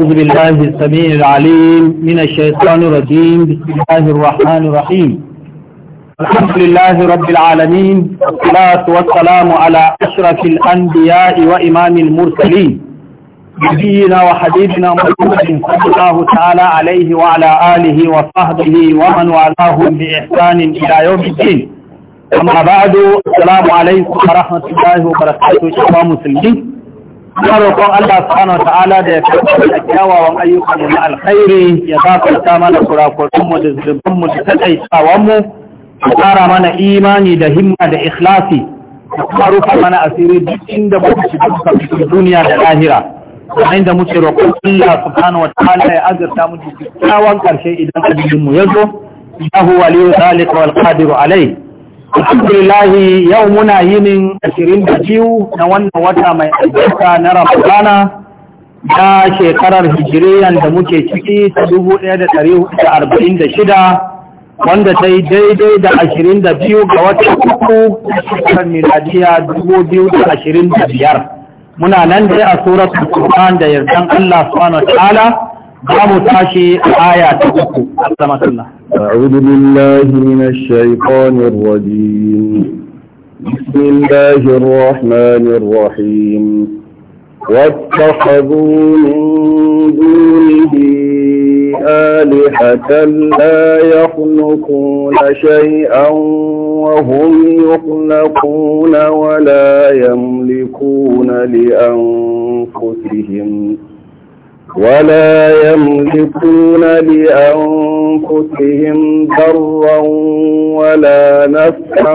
أعوذ بالله السميع العليم من الشيطان الرجيم بسم الله الرحمن الرحيم الحمد لله رب العالمين والصلاة والسلام على أشرف الأنبياء وإمام المرسلين نبينا وحبيبنا محمد صلى الله تعالى عليه وعلى آله وصحبه ومن والاهم بإحسان إلى يوم الدين أما بعد السلام عليكم ورحمة الله وبركاته شباب مسلمين Ina roƙon Allah subhanahu wa ta'ala da ya karɓa da kyawawan ayyukan mu na alkhairi ya gafarta mana kurakurin mu da zubban mu da taƙaitawan mu ya ƙara mana imani da himma da ikhlasi ya kuma rufe mana asiri duk inda muka shiga duka fito duniya da lahira kamar da muke roƙon Allah subhanahu wa ta'ala ya azurta mu da kyawawan ƙarshe idan ajalin mu ya zo. Allahu waliyu zalika wal qadiru alayhi Alhamdulillah yau muna yinin biyu na wannan wata mai albarka na Ramadana na shekarar hijiriyan da muke ciki ta dubu ɗaya da da da arba'in shida, wanda ta yi daidai da ashirin da biyu ga wata uku na shekarar miladiya dubu biyu da da ashirin biyar. Muna nan dai a al Qur'an da yardan Allah subhanahu wa ta'ala za mu tashi aya ta uku. Allah أعوذ بالله من الشيطان الرجيم بسم الله الرحمن الرحيم واتخذوا من دونه آلهة لا يخلقون شيئا وهم يخلقون ولا يملكون لأنفسهم ولا يملكون لأنفسهم ضرا ولا نفعا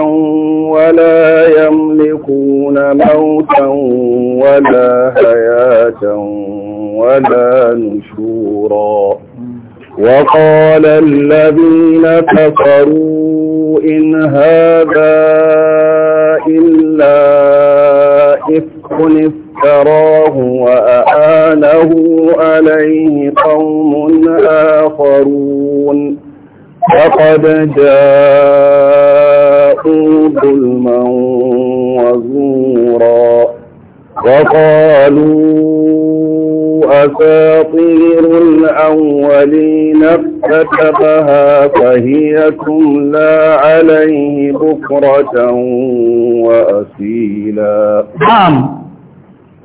ولا يملكون موتا ولا حياة ولا نشورا وقال الذين كفروا إن هذا إلا إفق افتراه وأعلم له عليه قوم آخرون فقد جاءوا ظلما وزورا وقالوا أساطير الأولين افتتبها فهي تملى عليه بكرة وأسيلا نعم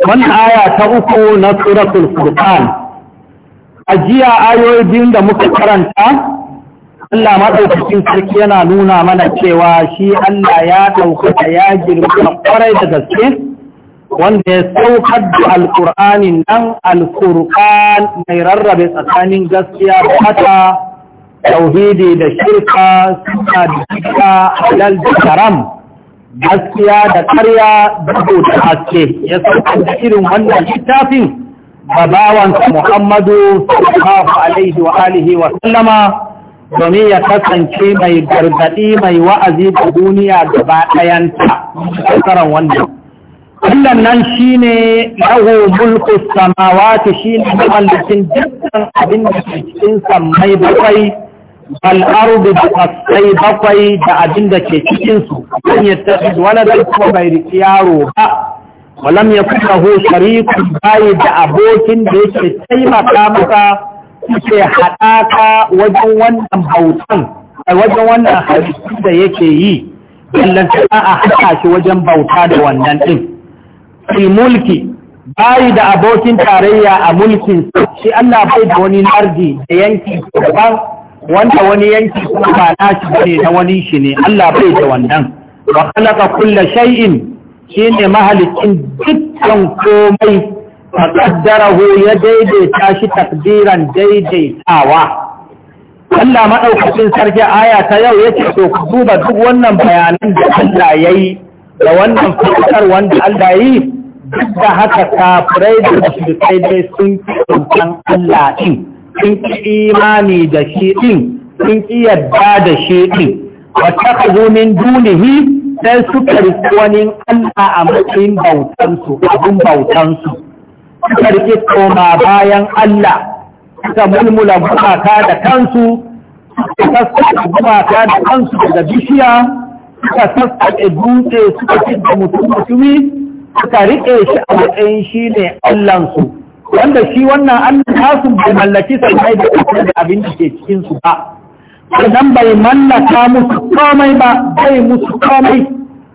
wannan aya ta uku na suratul furqan ajiya ayoyi biyun da muka karanta Allah maɗaukacin sarki yana nuna mana cewa shi Allah ya ɗaukaka ya girma kwarai da gaske wanda ya saukar da alkur'anin nan alkur'an mai rarrabe tsakanin gaskiya fata tauhidi da shirka suna da shirka halal da haram gaskiya da karya da haske ya saukar da irin wannan littafin ga bawansa Muhammadu sallallahu alaihi wa alihi wa sallama domin ya kasance mai gargadi mai wa'azi da duniya gaba ɗayanta kasaran wannan Allah nan shine lahu mulku samawati shine mallakin dukkan abin da ke cikin sammai bakwai bal ardu da kasai bakwai da abin da ke cikinsu kan ya tafi wani da kuma bai riƙi yaro ba walam ya kuma ho sharikun bayi da abokin da yake taimaka maka suke haɗaka wajen wannan bautan a wajen wannan halittu da yake yi ta a haɗa shi wajen bauta da wannan ɗin fil mulki bayi da abokin tarayya a mulkin shi Allah bai da wani lardi da yanki daban wanda wani yanki kuma ba shi bane na wani shi ne Allah bai da wannan wa khalaqa kulla shay'in shine mahalikin dukkan komai fa qaddarahu ya daidaita shi takdiran daidaitawa Allah madaukakin sarki aya ta yau yace so ku duba duk wannan bayanan da Allah yayi da wannan fitar wanda Allah yi duk da haka kafirai da musulmai dai sun san Allah din Kun ki imani da shi din kun ki yadda da shi din wattakazu min dunihi sai suka riki wani Allah a matsayin bautansu abin bautansu suka riki koma bayan Allah suka mulmula gumaka da kansu suka sassaka gumaka da kansu daga bishiya suka sassaka dutse suka fidda mutum mutumi suka riƙe shi a matsayin shi ne Allahnsu wanda shi wannan an nasu bai mallaki sammai da kasar da abin da ke cikin su ba idan bai mallaka musu komai ba bai musu komai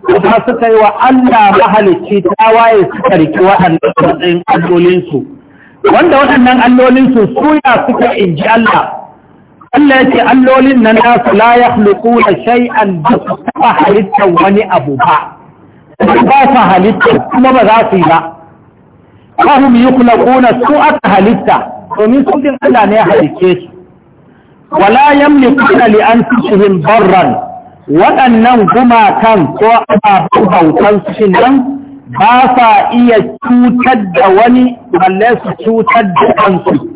kuma suka yi wa Allah mahalicci waye suka karki waɗannan matsayin allolinsu wanda waɗannan allolinsu suya suka inji Allah Allah ya allolin nan nasu la ya halittu da shay'an an su halittar wani abu ba ba su halittar kuma ba za su yi ba kula kuna su aka halitta domin su din Allah ne ya halice su wala yamlikuna li anfusihim barran waɗannan gumakan ko ababen bautan su nan ba sa iya cutar da wani balle su cutar da kansu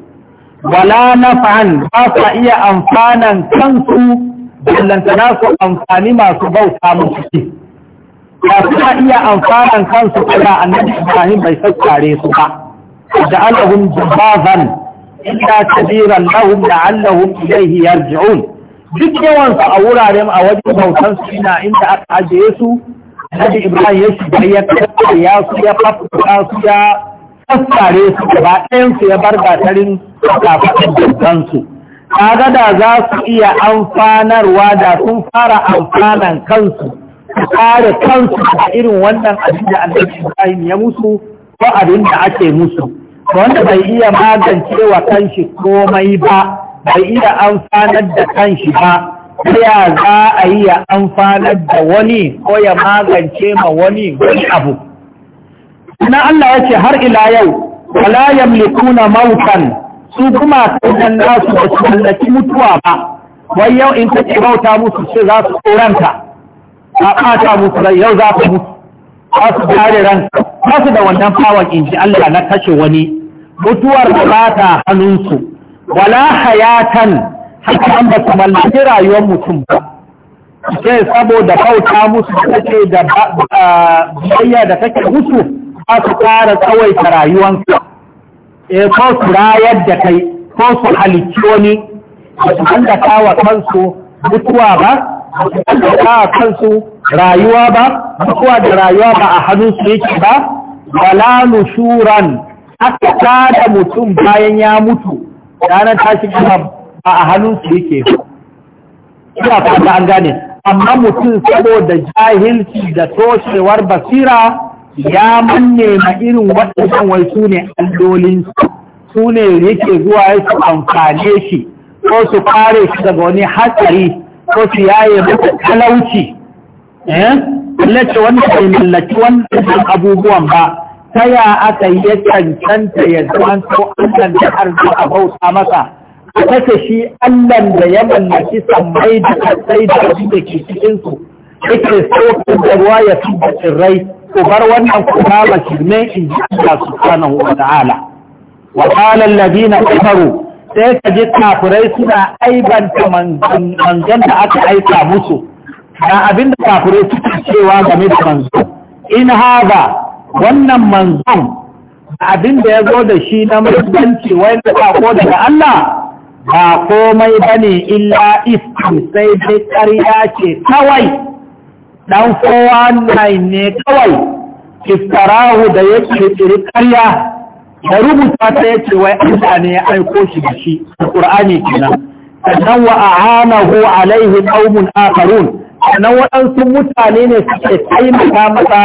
wala fa’an ba sa iya amfanan kansu ballantana su amfani masu bauta musu ba suna iya amfanan kansu kuma annabi Ibrahim bai sassare su ba da alahum jabazan illa kabiran lahum la'allahum ilaihi yarji'un duk yawansu a wuraren a waje bautan su ina inda aka ajiye su annabi Ibrahim ya shiga ya kakkare ya su ya fafuka su ya sassare su gaba ɗayan su ya bar gatarin kafaɗin su kaga da za su iya amfanarwa da sun fara amfanan kansu kare kansu a irin wannan abin da Allah ya musu ko abin da ake musu wanda bai iya magance wa kanshi komai ba bai iya amfanar da kanshi ba ya za a yi ya amfanar da wani ko ya magance ma wani wani abu na Allah ya ce har ila yau wala yamlikuna mautan su kuma kan nasu da su mallaki mutuwa ba wai yau in kace bauta musu ce za su tsoranta ka ɓata musu rai yau za ku mutu za su kare ranka ba su da wannan fawon in ji Allah na kashe wani mutuwar da ba ta hannunsu wala hayatan haka an ba su mallaki rayuwar mutum ba ce saboda bauta musu da take da biyayya da take musu ba su kara tsawaita rayuwansu E, ko su rayar da kai ko su halicci wani ba su hallaka wa kansu mutuwa ba ba a kansu rayuwa ba kuwa da rayuwa ba a su yake ba wala nushuran aka tada mutum bayan ya mutu ranar tashi gaba ba a hannunsu yake ba ina fata an gane amma mutum saboda jahilci da toshewar basira ya manne ma irin waɗannan wai su ne allolinsu su ne yake zuwa ya su amfane shi ko su kare shi daga wani hatsari ko su yaye mata talauci eh lace wanda bai mallaki wannan abubuwan ba ta ya aka yi cancanta ya zama ko Allah da arziki a bauta masa a kasa shi allan da ya mallaki sammai da kasai da abin da ke cikinsu, su yake so da ruwa ya fi da tsirrai ko bar wannan kuma ba shirme in ji Allah subhanahu wa ta'ala wa qala alladhina kafaru sai ka ji kafirai suna aibanta manzon da aka aika musu na abinda kafirai suke cewa game da manzon in haza wannan manzon abinda ya zo da shi na musulunci wanda ko daga Allah ba komai bane illa iskin sai dai ƙarya ce kawai ɗan kowa ne kawai Kistarahu da ya ƙirƙiri ƙarya da rubuta ta yace wai Allah ne ya aiko shi da shi Qur'ani kenan sannan wa a'anahu alaihi qaumun akarun sannan waɗansu mutane ne suke taimaka masa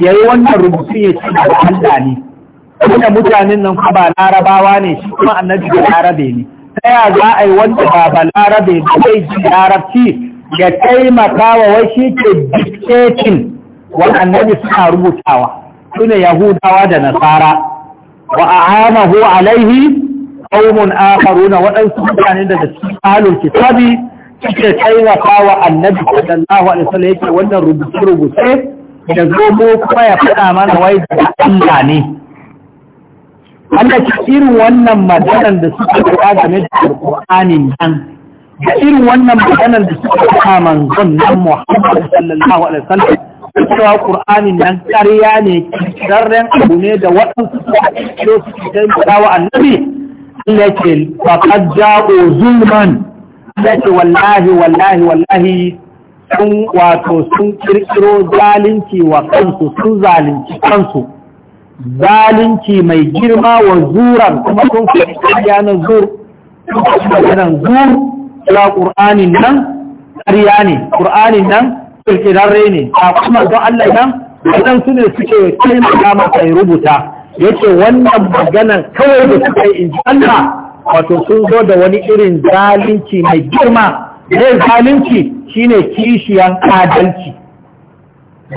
yi wannan rubutu ya ce da Allah ne wanda mutanen nan ba larabawa ne shi kuma annabi da larabe ne ta ya za a yi wanda ba ba larabe zai ji larabci ya taimaka wa wai shi ke dictating wa annabi suna rubutawa su yahudawa da nasara wa a'anahu alaihi qaumun akharuna waɗansu mutane daga cikin ahlul kitabi suke taimaka wa annabi sallallahu alaihi wasallam yake wannan rubuce rubuce da zo kuma ya faɗa mana wai da Allah ne Allah ce irin wannan maganar da suka faɗa game da Alƙur'anin nan da irin wannan maganar da suka faɗa manzon nan Muhammad sallallahu alaihi wasallam cewa ƙur'ani nan ƙarya ne kirarren abu ne da waɗansu suka ake su ke taimaka wa annabi Allah ke faƙar ja'u zulman Allah ke wallahi wallahi wallahi sun wato sun ƙirƙiro zalunci wa kansu sun zalunci kansu zalunci mai girma wa zuran kuma sun fi ƙarya na zur sun fi zur cewa nan ƙarya ne Qur'anin nan kirkirarre ne a kuma don Allah nan waɗansu ne suke taimaka masa ya rubuta yake wannan maganan kawai da suka yi in ji Allah wato sun zo da wani irin zalunci mai girma ne zalunci shine kishiyan adalci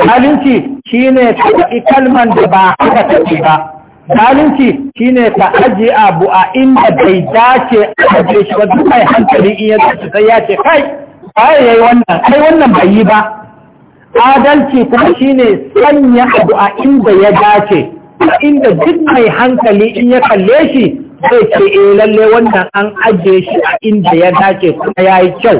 zalunci shine ka kalman da ba haka take ba zalunci shine ka aje abu a inda bai dace a shi ba duk mai hankali in ya sai ya ce kai waye yayi wannan ai wannan bai yi ba adalci kuma shine sanya abu a inda ya dace inda duk mai hankali in ya kalle shi zai ce eh lalle wannan an ajiye shi a inda ya dace kuma yayi kyau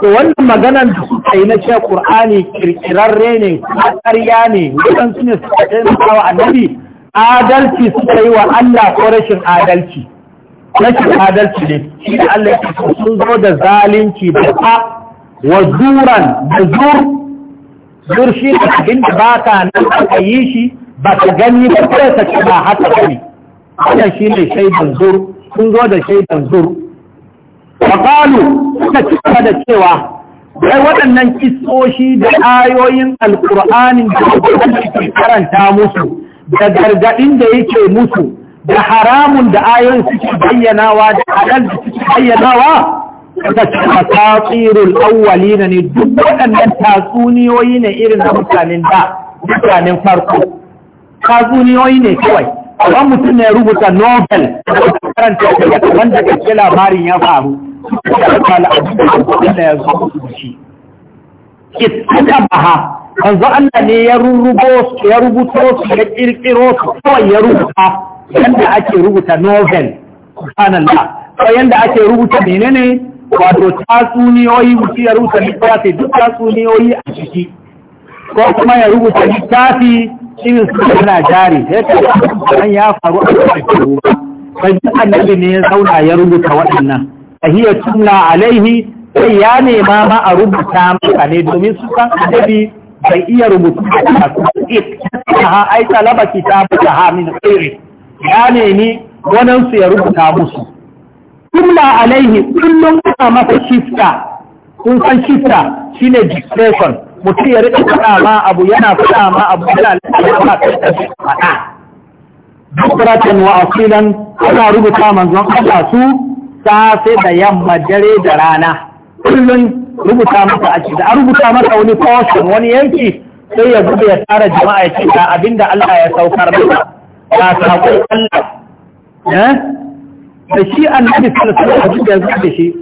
to wannan maganan da suka yi na ce Qur'ani kirkirarre ne ƙarya ne wannan su ne suka taimaka wa annabi adalci suka yi wa Allah ko rashin adalci rashin adalci ne shi da Allah ya sun zo da zalunci da wa zuran da zur zur shi ne abin da ba ka nan aka yi shi ba ka gani ba kai ka ce ba haka ba ne wannan shi ne shaidan zur sun zo da shaidan zur wa kalu suka cika da cewa bai waɗannan kisoshi da ayoyin alƙur'anin da Allah ke karanta musu da gargaɗin da yake musu da haramun da ayoyin suke bayyanawa da halal da suke bayyanawa suka ce a ne duk waɗannan tatsuniyoyi ne irin na mutanen da mutanen farko tatsuniyoyi ne kawai wani mutum ne rubuta nobel karanta wanda kake labarin ya faru da ya zo shi ita baha manzo Allah ne ya rubuto su ya rubuto su ya kirkiro su kawai ya rubuta yanda ake rubuta novel subhanallah ko yanda ake rubuta menene wato tatsuniyoyi mutum ya rubuta littafi duk tatsuniyoyi a ciki ko kuma ya rubuta littafi irin su yana jari sai an ya faru a cikin sai duk annabi ne ya zauna ya rubuta waɗannan A tahiyya a alaihi sai ya nema ma a rubuta maka ne domin su san annabi bai iya rubutu da ta ha ai talaba kitabu ta ha min ya nemi wadansu ya rubuta musu tumla alaihi kullum ana masa shifta kun san shifta shine depression mutum ya rika faɗa ma abu yana faɗa ma abu yana lalata faɗa dukratan wa asilan ana rubuta manzon Allah su safe da yamma dare da rana kullum rubuta masa a cikin a rubuta masa wani portion wani yanki sai ya zube ya tsara jama'a ya ce abinda Allah ya saukar masa ga sakon Allah eh? الشيء النبي صلى الله عليه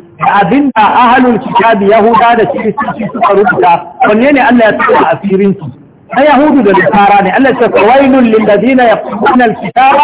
أهل الكتاب يهودا لشيء سقروبك ونين أن لا يتعلى أفيرين يهود للإحاران أن تتويل للذين يقومون الكتاب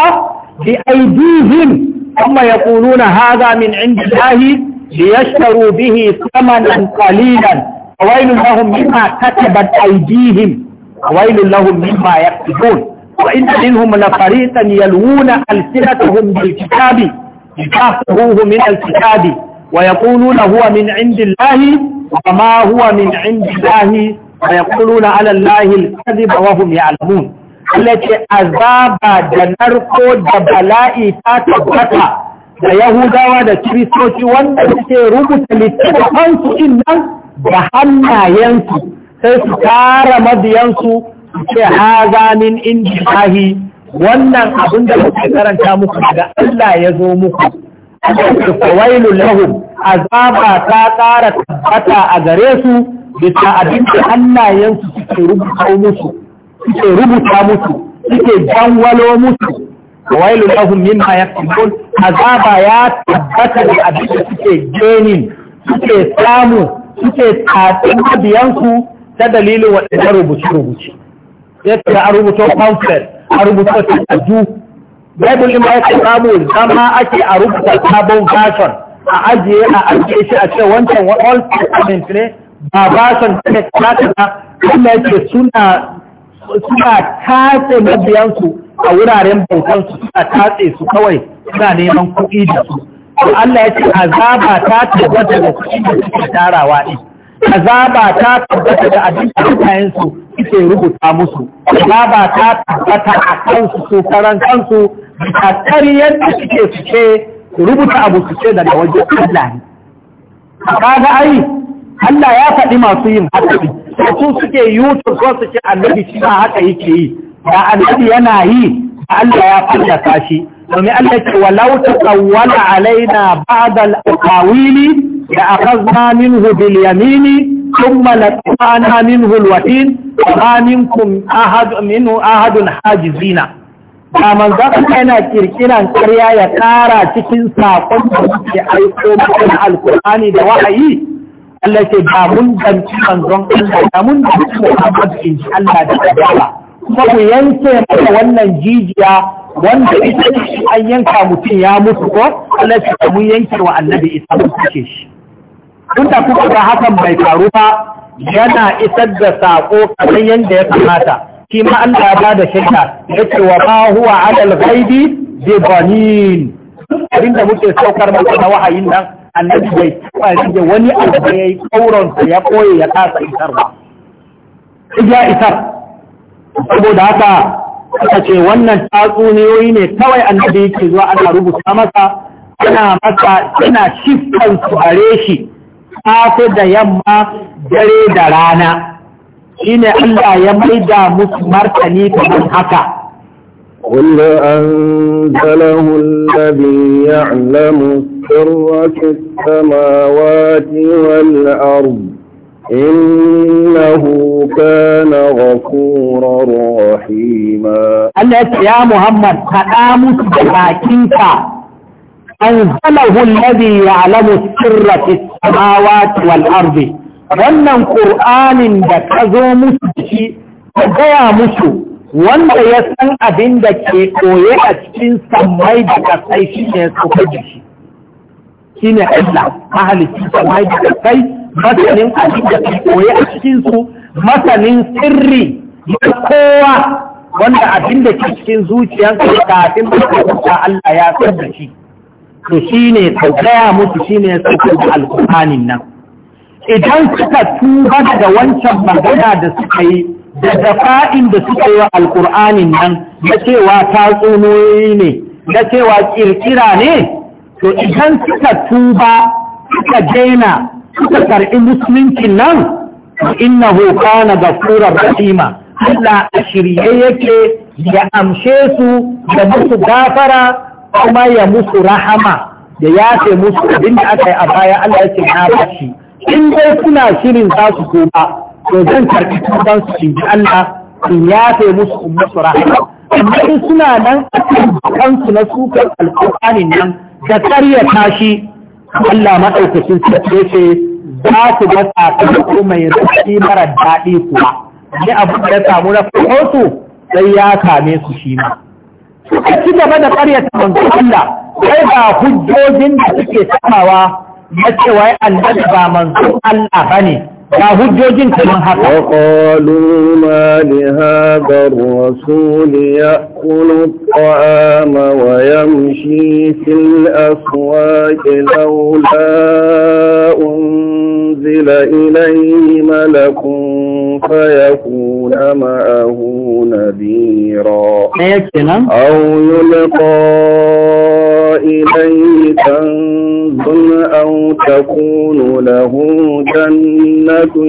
بأيديهم ثم يقولون هذا من عند الله ليشتروا به ثمنا قليلا ويل لهم مما كتبت أيديهم ويل لهم مما يكتبون وإن منهم لفريطا يلوون ألسلتهم بالكتاب يكافئوه من الكتاب ويقولون هو من عند الله وما هو من عند الله ويقولون على الله الكذب وهم يعلمون التي أذاب دنركو دبلائي تاتبتا da Yahudawa da Kiristoci wanda suke rubuta littattafansu innan da hannayensu sai su tara mabiyansu su ce haza min indi wannan abin da muke karanta muku daga Allah ya zo muku fawailu lahum azaba ta tsara tabbata a gare su bisa abin da hannayensu suke rubuta musu suke rubuta musu suke janwalo musu fawailu lahum mimma azaba ya tabbata da abin da suke genin suke samu suke tatsin mabiyansu ta dalilin waɗanda rubuce-rubuce yadda a rubuto pamphlet a rubuta takardu bible din ma ya samu zama ake a rubuta sabon version a ajiye a ajiye shi a ce wancan all statement ne ba version ne ta ba kuma yake suna suna tatse mabiyansu a wuraren bautansu suna tatse su kawai suna neman kuɗi da su to Allah ya ce azaba ta tabbata da kuɗi da suke tarawa ɗin azaba ta tabbata da abin kayansu suke rubuta musu azaba ta tabbata a kansu su karan kansu da karyar da suke suke rubuta abu suke daga waje Allah ne kaga ai Allah ya faɗi masu yin haɗari su suke yutu ko suke annabi shi haka yake yi da annabi yana yi Allah ya fallasa shi domin Allah ce walau taqawwala alaina ba'd al-aqawili ya akhadna minhu bil yamini thumma laqana minhu al-watin wa minkum ahad minhu ahadun hajizina da manzon yana kirkiran karya ya ƙara cikin sakon da muke aiko maka alkur'ani da wahayi Allah ce ba mun danci manzon Allah da mun danci Muhammad in Allah da Allah kuma ku yanke mata wannan jijiya wanda ita an yanka mutum ya mutu ko Allah ya mun yanke wa annabi isa mun kace shi kun da kuka ga hakan bai faru ba yana isar da saƙo kamar yanda ya kamata shi ma Allah ya ba da shaida yace wa ma huwa ala al-ghaibi bi banin da muke saukar masa na wahayin nan annabi bai taba rige wani abu da yayi ƙauronsa ya ƙoye ya kasa isar ba ya isar saboda haka aka ce wannan tatsuniyoyi ne kawai annabi yake zuwa ana rubuta masa ana masa ina shifkan su shi safe da yamma dare da rana shine Allah ya maida musu martani kamar haka قل أنزله الذي يعلم السر في السماوات والأرض إنه كان غفورا رحيما قالت يا محمد تقام تباكيك أنزله الذي يعلم السر في السماوات والأرض وأن قرآن بكذو مسجي فجيا مسو وأن يسن أبن دكي قوية أجتين سمعي بك سيشي يسوكي شيني أجلع أهل السماعي بك سيشي masanin abin da ke koye a cikinsu masanin sirri na kowa wanda abin da ke cikin zuciyarsa kafin mutunta Allah ya san da shi to shine ka gaya musu shine saukar da alkuhanin nan idan suka tuba daga wancan magana da suka yi da dafa'in da suka yi wa alƙur'anin nan na cewa ne na cewa ƙirƙira ne to idan suka tuba suka daina suka karɓi musulunci nan innahu kana furar rahima Allah a shirye yake ya amshe su da musu gafara kuma ya musu rahama da yafe musu abin da aka yi a baya Allah ya ce na bashi in dai kuna shirin za su tuba to zan karɓi tuban su in Allah in yafe musu in musu rahama amma in suna nan a kansu na sukar alƙur'anin nan da karya tashi. Allah maɗaukacin sarki ce za su ga sakamako mai rashi mara daɗi kuwa ne abu da ya samu na farko sai ya kame su shi ma suka ci gaba da ƙaryata manzo Allah sai ga hujjojin da suke samawa na cewa ya annabi ba manzo Allah bane ga hujjojin kaman haka wa qalu ma li hadha ar-rasul ya'kulu at-ta'ama wa yamshi fil aswaq lawla unzila ilayhi malakun فيكون معه نذيرا أو يلقى إليه كنز أو تكون له جنة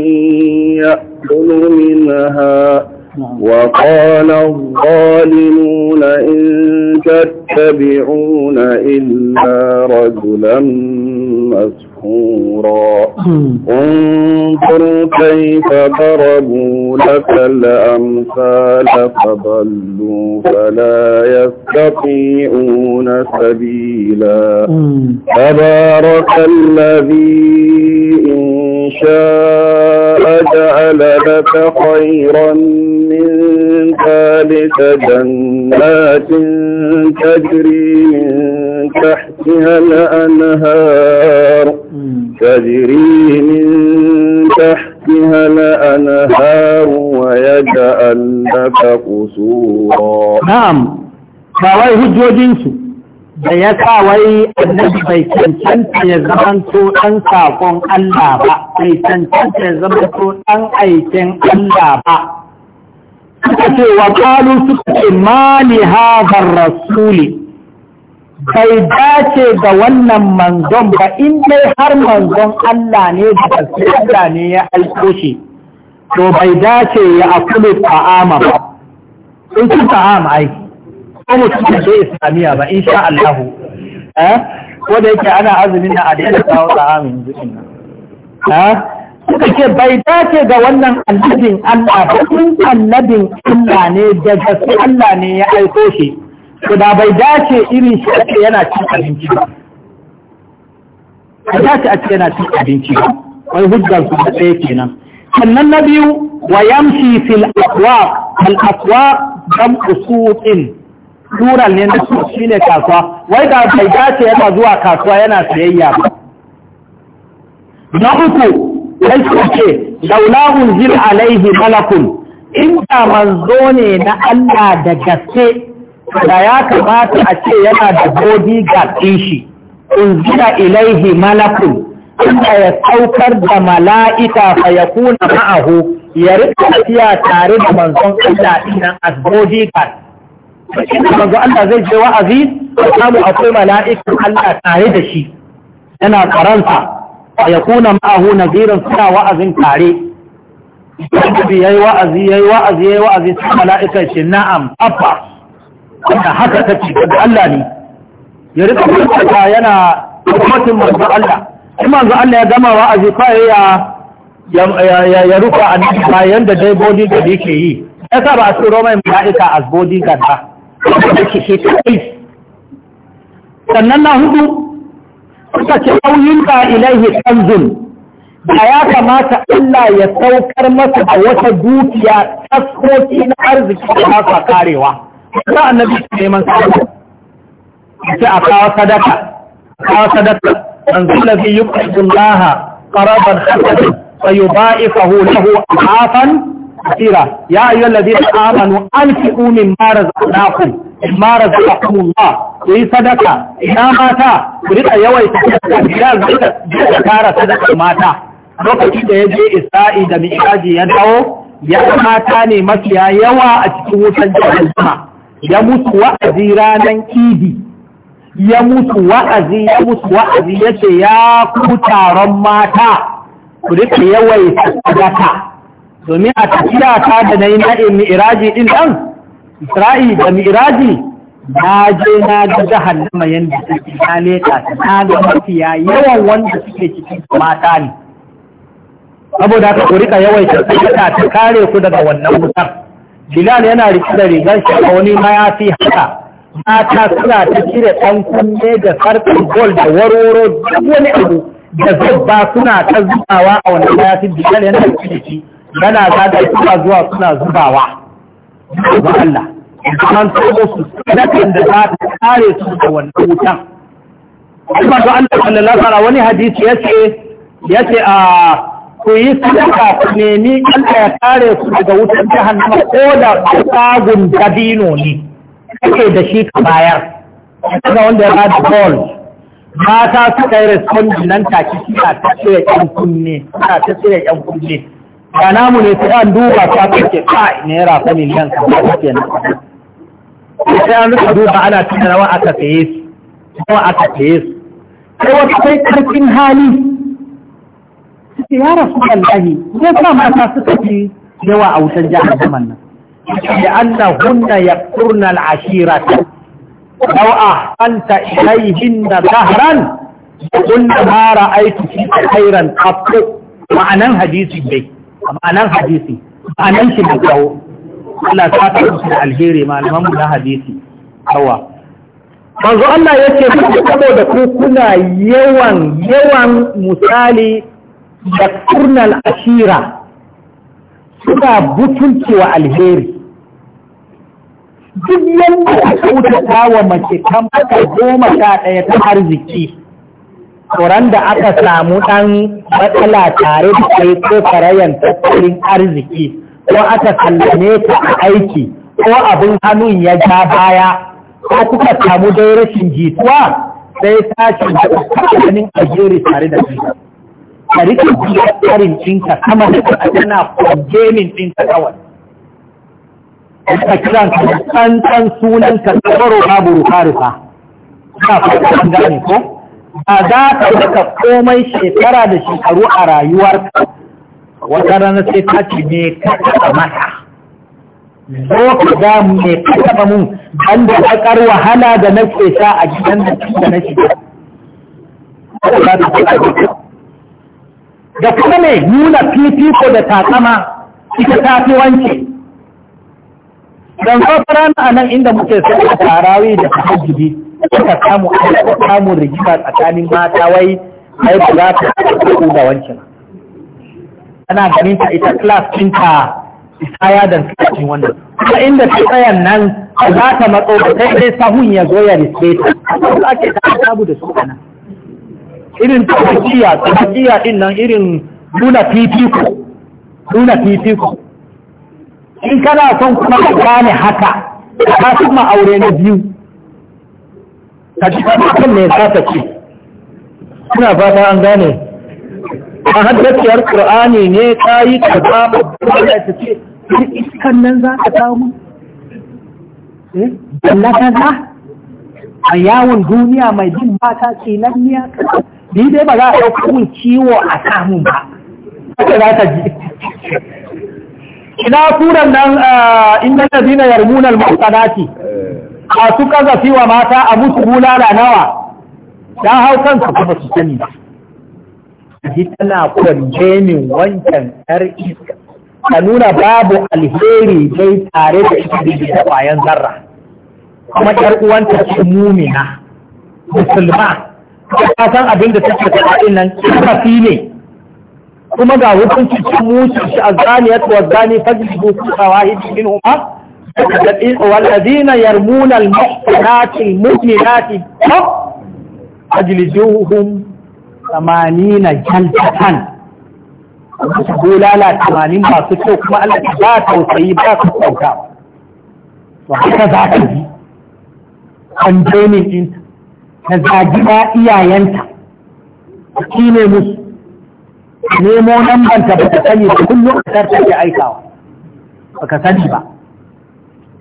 يأكل منها نعم. وقال الظالمون إن تتبعون إلا رجلا مذكورا انظر كيف ضربوا لك الأمثال فضلوا فلا يستطيعون سبيلا تبارك الذي إن شاء جعل لك خيرا من ذلك جنات تجري من تحتها الأنهار تجري من تحتها الأنهار ويجعل لك قصورا نعم فوائه الجوجين da ya sa wai annabi bai cancanta ya zamanto ɗan saƙon Allah ba, bai cancanta ya zamanto ɗan aikin Allah ba. Suka ce wa kalu suka ce mali hazar rasuli, bai dace ga wannan manzon ba in dai har manzon Allah ne da gaske ne ya aiko shi, to bai dace ya akulu ta'ama ba. Sun ci ta'ama aiki. ko mutum da islamiyya ba in sha eh ko yake ana azumin na adina kawo ta'amin jikin eh suka ce bai dace ga wannan annabin Allah ba in annabin Allah ne da gaske Allah ne ya aiko shi to da bai dace irin shi ce yana cin abinci ba bai dace ake yana cin abinci ba wai hujjar su da tsaye kenan sannan na biyu wa yamshi fil aswaq al aswaq dam usuqin Turan ne na su shi ne kasuwa wai da bai dace yana zuwa kasuwa yana sayayya ba na uku sai su ce laula unzil alaihi malakun inda manzo ne na Allah da gaske da ya kamata a ce yana da bodyguard ɗin shi zira ilaihi malakun inda ya saukar da mala'ika fa ya kuna ma'ahu ya rika tafiya tare da manzon Allah ɗin nan as bodyguard inda manzo Allah zai je wa'azi a samu akwai mala'ikan Allah tare da shi yana karanta a ya kuna ma'ahu nazirin suna wa'azin tare Annabi yayi wa'azi yayi wa'azi yayi wa'azi sai mala'ika ce na'am abba wanda haka take daga Allah ne ya rika furta yana tabbatin manzo Allah in manzo Allah ya gama wa'azi fa ya ya rufa annabi bayan da dai bodi da yake yi yasa ba a tsoro mai mala'ika as body guard ba da ke shekarai sannan na hudu suka ce auyin ba ilaihi kanzun da ya kamata Allah ya saukar masa a wata dukiya taskoki na arziki da haka karewa za a nabi neman sadaka ce a kawo sadaka kawo sadaka an zula bi yi ƙarfin laha ƙaraban hasarin sayuba'ifahu lahu hafan. kasira ya ayyuhal ladina amanu anfi'u mimma razaqnakum mimma razaqakumullah ku yi sadaka na mata ku rika yawaita kuma ku kara sadaka mata lokacin da ya je isra'i da mi'raji ya dawo ya mata ne mafi yawa a cikin wutan jama'a ya mutu wa'azi ranar kidi ya mutu wa'azi ya wa'azi yace ya ku taron mata ku rika yawaita sadaka domin a tafiya ta da na yi na'in mi'iraji ɗin ɗan isra'i da mi'iraji na je na ga jahannama yadda suke na leta ta na ga mafiya yawan wanda suke cikin mata ne saboda ka kurika yawaita tsakata ta kare ku daga wannan wutar bilal yana rike da rigar shi a wani mayafi haka mata suna ta cire ɗan kunne da sarkin gol da waroro duk wani abu da zabba suna ta zubawa a wani mayafin bilal yana rike da shi yana zaga suna zuwa suna zubawa ga Allah an tabo su sadakan da za ta kare su da wannan wutan kuma to Allah sallallahu alaihi wani hadisi yace yace a ah, ku yi sadaka ku nemi Allah ya kare ku daga wutan jahannama ko da tsagun dabino ne kake da shi ka bayar kaga wanda ya bada ball mata suka yi responding nan take suna ta tsire yan kunne suna ta tsire yan kunne ba namu ne sai an duba ta kake kai ne ra miliyan ka kake ne sai an rusa duba ana tana wa aka saye su wa aka sai wata hali sai ya rasu Allahi ne sa ma ta yawa a wutar jihar zaman nan ya Allah hunna ya kurna al'ashirat lau a anta ilayhin da zahran kunna ma aiki fi khairan qat ma'anan hadisi dai ma'anan hadisi ma'anan shi da kawo Allah ta ta musu da alheri malaman mu na hadisi hawa manzo Allah yake muku da ku kuna yawan yawan misali da kurnal ashira butunci wa alheri duk yanda ka kyautata wa mace kan baka goma sha ɗaya ta arziki tsoron da aka samu ɗan matsala tare da kai ko karayen tattalin arziki ko aka sallame ta a aiki ko abin hannun ya ja baya ko kuka samu dai rashin jituwa sai tashin da tsakanin ajiyar tare da kai ka rike biyar tsarin ɗinka sama da ta tana kwanjemin ɗinka kawai Ita kiran ka tsantsan sunan ka babu rufa-rufa Ina fata an gane ko ba za ka maka komai shekara da shekaru a rayuwarka wata rana sai ta ce me ka taba mata zo ka ga me ka taɓa mun ban da ƙaƙar wahala da na ke sha a gidan da da na shiga da kuma ne nuna fifiko da takama ita ta fi wanke don zo ranar a nan inda muke sai a tarawi da hajjibi suka samu ana samun rigima tsakanin mata wai ai ba za ta taɓa da wancan ana ganin ta ita class ɗinta isaya da cikin wannan kuma inda ta tsaya nan za ta matso da sai dai sahun ya zo ya riske ta kuma ake ta sabu da su kana. irin tafakiya tafakiya din nan irin nuna fifiko nuna fifiko in kana son kuma ka gane haka ka kuma aure na biyu a cikin mutum mai kasa ce suna fata an gane a haddaciyar ƙur'ani ne ta yi ta zama da ta ce har iskan nan za ka samu eh, balla ta za a yawon duniya mai jin mata ce nan niya ni dai ba za a ɗauka mun ciwo a samu ba haka za ta ji ina suran nan ah, inda na zina yarmunan masanati eh. masu kazafi wa mata a musu bulala nawa ta hau kanka kuma su sani ji tana kwanjenin wancan ɗar iska ta nuna babu alheri dai tare da ita da kwayan zarra kuma yar uwanta ce mumina musulma ta san abin da take faɗa nan kafafi ne kuma ga hukuncin cin mutunci a zaniyar wa zani fajin bu kuka min والذين يرمون المحصنات المؤمنات أجلدوهم ثمانين جلدة تقول لا لا ثمانين ما تشوك ما لا تباك أو طيبات أو كاو وكذا كذي أنجين إنت كذا جدا إيا ينت وكين مس نيمو نمبن تبتتني كل أكثر تبعي كاو وكذا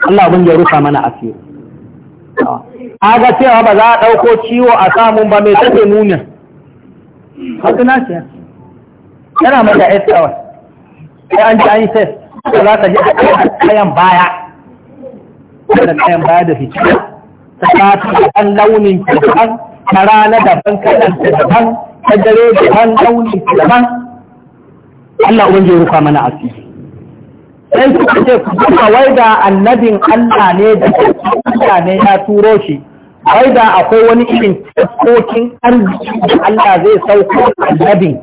Allah abin ya rufa mana asiri aga cewa ba za a ɗauko ciwo a samun ba mai tafe nuna. haka na ce yana mata s hours sai an ji an yi test ko za ka ji kayan baya da kayan baya da fice ta ta ɗan launin kirkan ta rana daban kalan ta daban ta dare daban launin kirkan Allah abin ya rufa mana asiri sai suka ce kuma wai da annabin Allah ne da Allah ne ya turo shi wai da akwai wani irin tsokokin arziki da Allah zai sauko annabin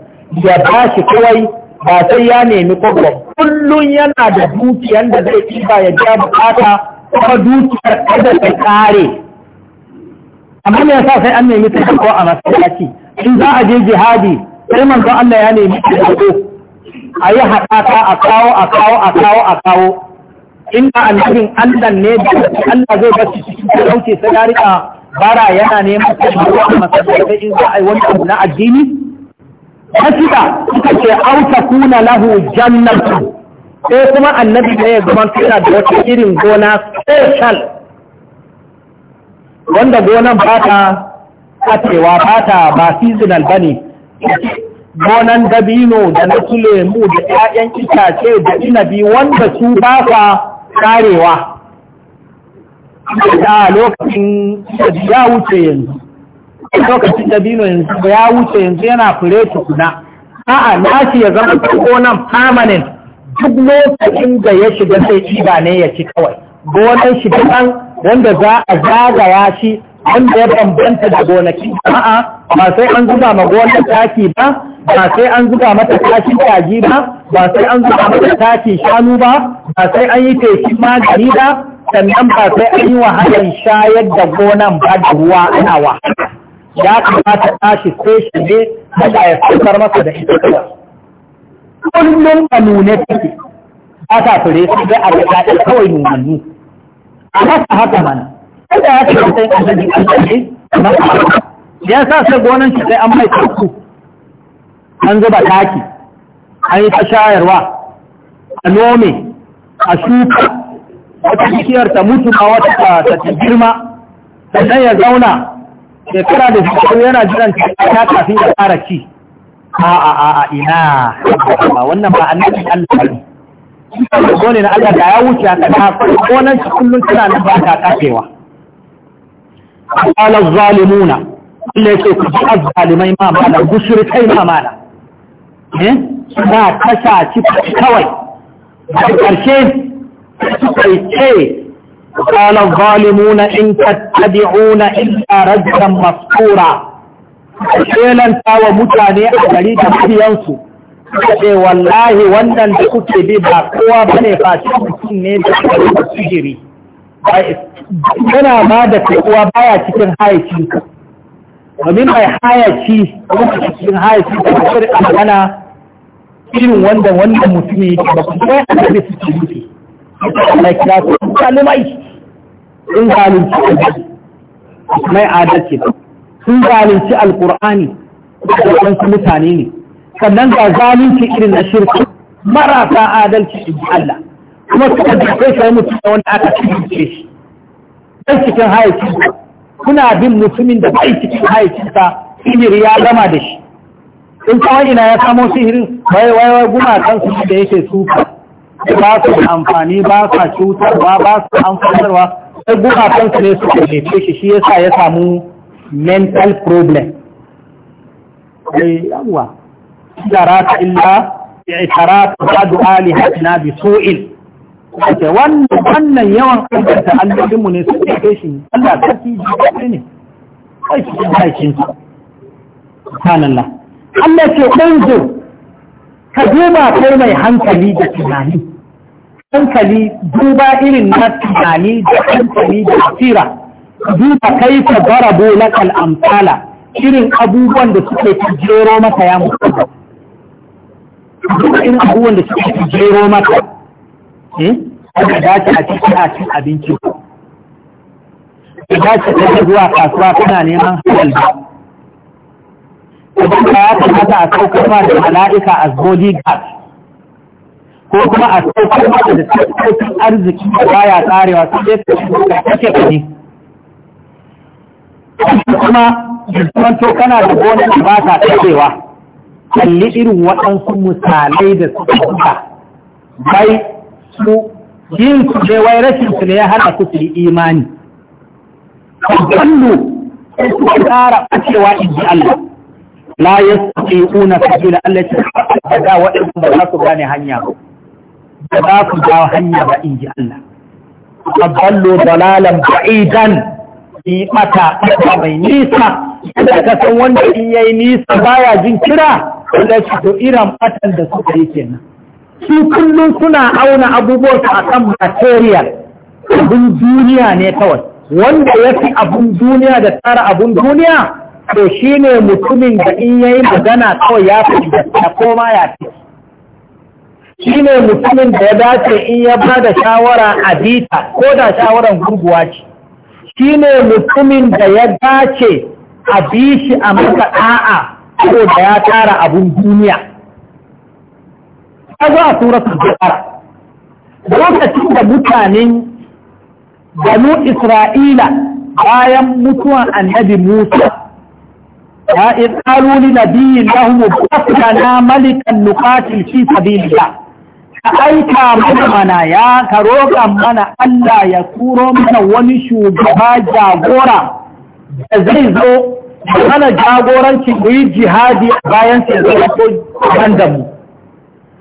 ya ba shi kawai ba sai ya nemi kwakwa kullum yana da dukiyar da zai ba ya ja bukata kuma dukiyar kada ta kare amma me yasa sai an nemi taimako a masallaci in za a je jihadi sai manzon Allah ya nemi taimako a yi haɗaka a kawo a kawo a kawo a kawo inda annabin Allah ne da Allah zai ba shi cikin talauci sai ya rika bara yana neman taimako a masallatai in za a yi wani abu na addini ta shida suka ce auta kuna lahu jannatu ko kuma annabi ne ya zama tana da wata irin gona special wanda gonan ba ta kacewa ba ta ba seasonal ba ne gonan dabino da na su lemu da 'ya'yan itace da inabi wanda su ba sa karewa A lokacin ya wuce yanzu lokacin dabino yanzu ya wuce yanzu yana fure tukuna a'a shi ya zama gonan permanent duk lokacin da ya shiga sai ba ne ya ci kawai gonan shi ɗan wanda za a zagaya shi wanda ya bambanta da gonaki, jama'a ba sai an zuba ma gonar taki ba ba sai an zuba mata takin kaji ba ba sai an zuba mata takin shanu ba ba sai an yi feshin magani ba sannan ba sai an yi wahalar shayar da gonan ba da ruwa ana wa ya kamata tashi ko shi ne da ya fitar masa da ita kullum a nune take ba ta fure sai a ga kawai nunannu a haka haka mana kada ya ce sai annabi Allah ne ya sa sai gonan shi sai an mai tsaku an zuba taki an yi ta shayarwa a nome a shuka wata bishiyar ta mutu ma wata ta girma sannan ya zauna shekara da shekaru yana jiran ta kafin ya fara ci a a a a ina ba wannan ba annabi Allah ne gone na Allah da ya wuce ka ta gonan shi kullun tana nan ba ta kafewa قال الظالمون Allah ya ka ba ji azzalimai ma mana gushirkai ma mana suna kasha ci kawai da ƙarshe suka yi ce قال الظالمون in تتبعون إلا رجلا مسطورا shelan tawa mutane a gari da su. ce wallahi wannan da kuke bi ba kowa bane fashi mutum ne da sihiri yana ma da taiwa baya cikin hayacinka domin mai hayaci kuma cikin hayaci da kasar amana irin wanda wannan mutum yake ba kai a annabi su ce mutu Allah kira ku kalimai sun zalunci alƙur'ani mai adalci ba sun zalunci alƙur'ani da su mutane ne sannan ga zalunci irin na shirka marasa adalci in ji Allah kuma suka jefai sai mutum da wanda aka cikince shi bai cikin hayacinsa kuna bin mutumin da bai cikin hayacinsa sihiri ya gama da shi in tsawon ina ya samo sihirin wai wai wai su da yake suka ba su da amfani ba sa cutarwa ba su amfanarwa sai su ne su ka jefe shi shi yasa ya samu mental problem ai yawwa illa rata illa i'taratu ba'du alihatina bi su'il ake wannan yawan aikata allolinmu ne su ne kai shi Allah ta fi jikin ne kai shi haikin su subhanallah Allah ce ɗanzo ka duba kai mai hankali da tunani hankali duba irin na tunani da hankali da tsira, duba kai ka garabo bola kal'amfala irin abubuwan da suke ta jero maka ya mutu duba irin abubuwan da suke ta jero maka eh aka dace a cikin a cin abinci ba dace ta zuwa kasuwa kana neman halal ba idan ka ya kamata a sauka ma da mala'ika a zoli gas ko kuma a sauka ma da sauƙin arziki da baya tsarewa sai dai ka shiga kake kane kuma jirgin kana da gonar da ba ta tsarewa kalli irin waɗansu misalai da suka bai su yin su dai wai rashin su ne ya hana ku su yi imani kallu sai su tsara bacewa in ji Allah la ce sabila su ta da ce ba za su gane hanya ba ba za su ga hanya ba in ji Allah aballu dalalan ba'idan yi mata ba mai nisa da ka san wanda in yayi nisa baya jin kira wanda su irin matan da suka yi kenan su kullum suna auna abubuwansu a kan material abin duniya ne kawai wanda ya fi abin duniya da tsara abin duniya to shi ne mutumin da in yayi magana kawai ya fi da koma ya fi shi ne mutumin da ya dace in ya ba da shawara a bita ko da shawaran gurguwa ce shi ne mutumin da ya dace a bi shi a masa 'a'a ko da ya tara abin duniya ya zo a suratul baqara lokacin da mutanen banu isra'ila bayan mutuwan annabi musa ya iqalu li nabiyyin lahum na malikan nuqatil fi sabilillah ka aika mana mana ya ka roƙa mana Allah ya turo mana wani shugaba jagora da zai zo mana jagorancin ku yi jihadi bayan sai zai mu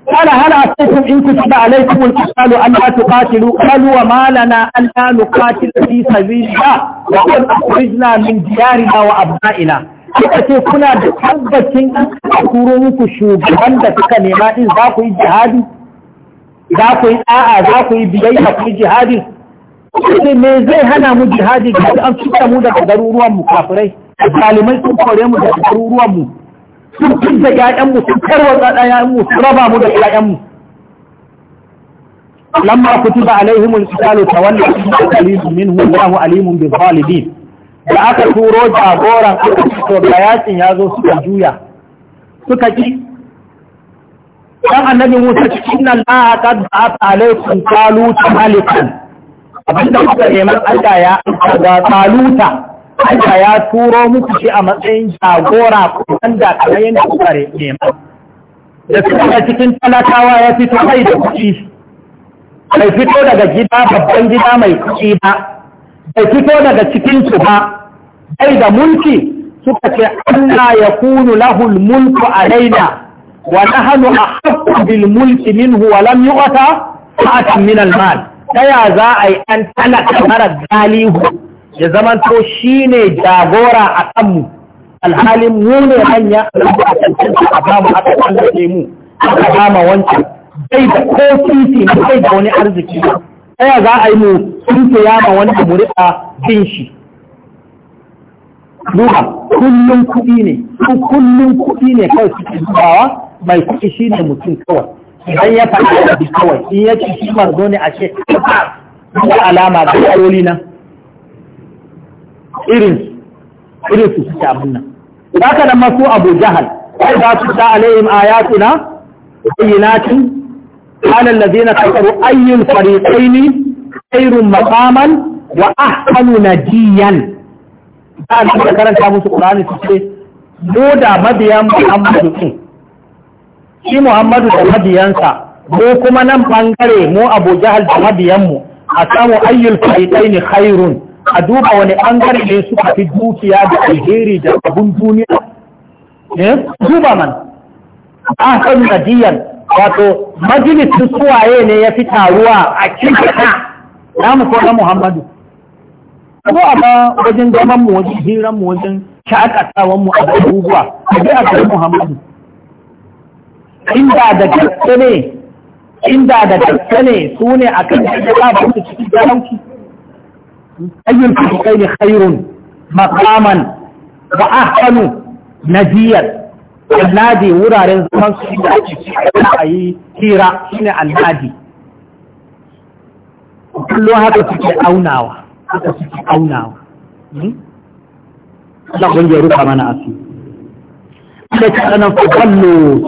قال هل أتيتم إن كتب عليكم القتال ألا تقاتلوا قالوا وما لنا ألا نقاتل في سبيل الله وقد أخرجنا من ديارنا وأبنائنا suka ce kuna da tabbacin a muku shugaban da suka nema din za ku yi jihadi za ku yi za ku yi biyayya ku yi jihadi sai me zai hana mu jihadi ga an fita mu daga garuruwan mu kafirai zalimai sun kore mu daga garuruwan mu sun fidda ƴaƴanmu sun tarwatsa ƴaƴanmu sun raba mu da ƴaƴanmu lamma kutiba alaihim al-qitalu tawalla qalilun min wallahu alimun bin zalimin da aka turo jagoran aka fito da yakin ya zo suka juya suka ki dan annabi Musa cikin nan la qad ba'at alaikum taluta malikan abinda kuka neman Allah ya ga taluta Allah ya turo muku shi a matsayin jagora wanda kamar yadda kuka nema da suka cikin talakawa ya fito mai da kuɗi bai fito daga gida babban gida mai kuɗi ba bai fito daga cikin su ba bai da mulki suka ce Allah ya kunu lahul mulku a wa nahnu ahaqqu bil mulki minhu wa lam yu'ta sa'atan min al ta ya za a yi an talaka mara galihu ya zamanto shi ne jagora a kanmu alhalin mu ne hanya a cancanta a bamu aka tsallace mu aka bama wancan bai da ko titi na bai da wani arziki ɗaya za a yi mu sun yama wani murika riƙa bin shi duba kullum kuɗi ne su kullum kuɗi ne kawai suke dubawa mai kuɗi shi ne mutum kawai idan ya faɗi kawai in ya ci shi marzo ne a ce alama da yawoli nan irin irin su suke abin nan haka nan masu abu jahal ai ba su da alaihim ayatuna bayyinatin qala allazina kafaru ayyul fariqaini khairun maqaman wa ahsanu nadiyan an da karanta musu qur'ani su ce mu da mabiyan muhammadu din shi muhammadu da mabiyansa mu kuma nan bangare mu abu jahal da mabiyanmu a samu ayyul fariqaini khairun a duba wani ɓangare ne suka fi dukiya da alheri da abun duniya ne eh, duba man a san nadiyan wato majalisun suwaye ne ya fi taruwa a kinkata Na mu na muhammadu ko amma wajen zaman mu wajen hiran mu wajen shakatawan mu a abubuwa a ga akwai muhammadu inda da gaske ne inda da gaske ne su ne akan da ba su cikin talauci أي الفريقين خير مقاما وأحسن نجيا النادي wuraren zaman su da ake cikin a yi hira shine annadi kullum haka suke aunawa haka suke aunawa Allah gunje ruka mana asu da ta sanan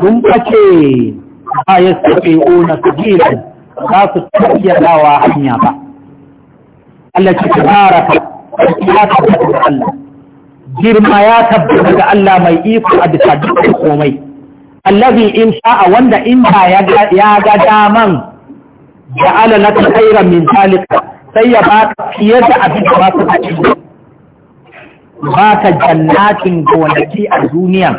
sun bace ba ya su dawa hanya ba Allah ya tabbata ga Allah girma ya tabbata ga Allah mai iko a bisa dukkan komai allazi in sha'a wanda in ba ya ga daman da ala na khairan min sai ya baka fiye da abin da ba baka jannatin gonaki a duniya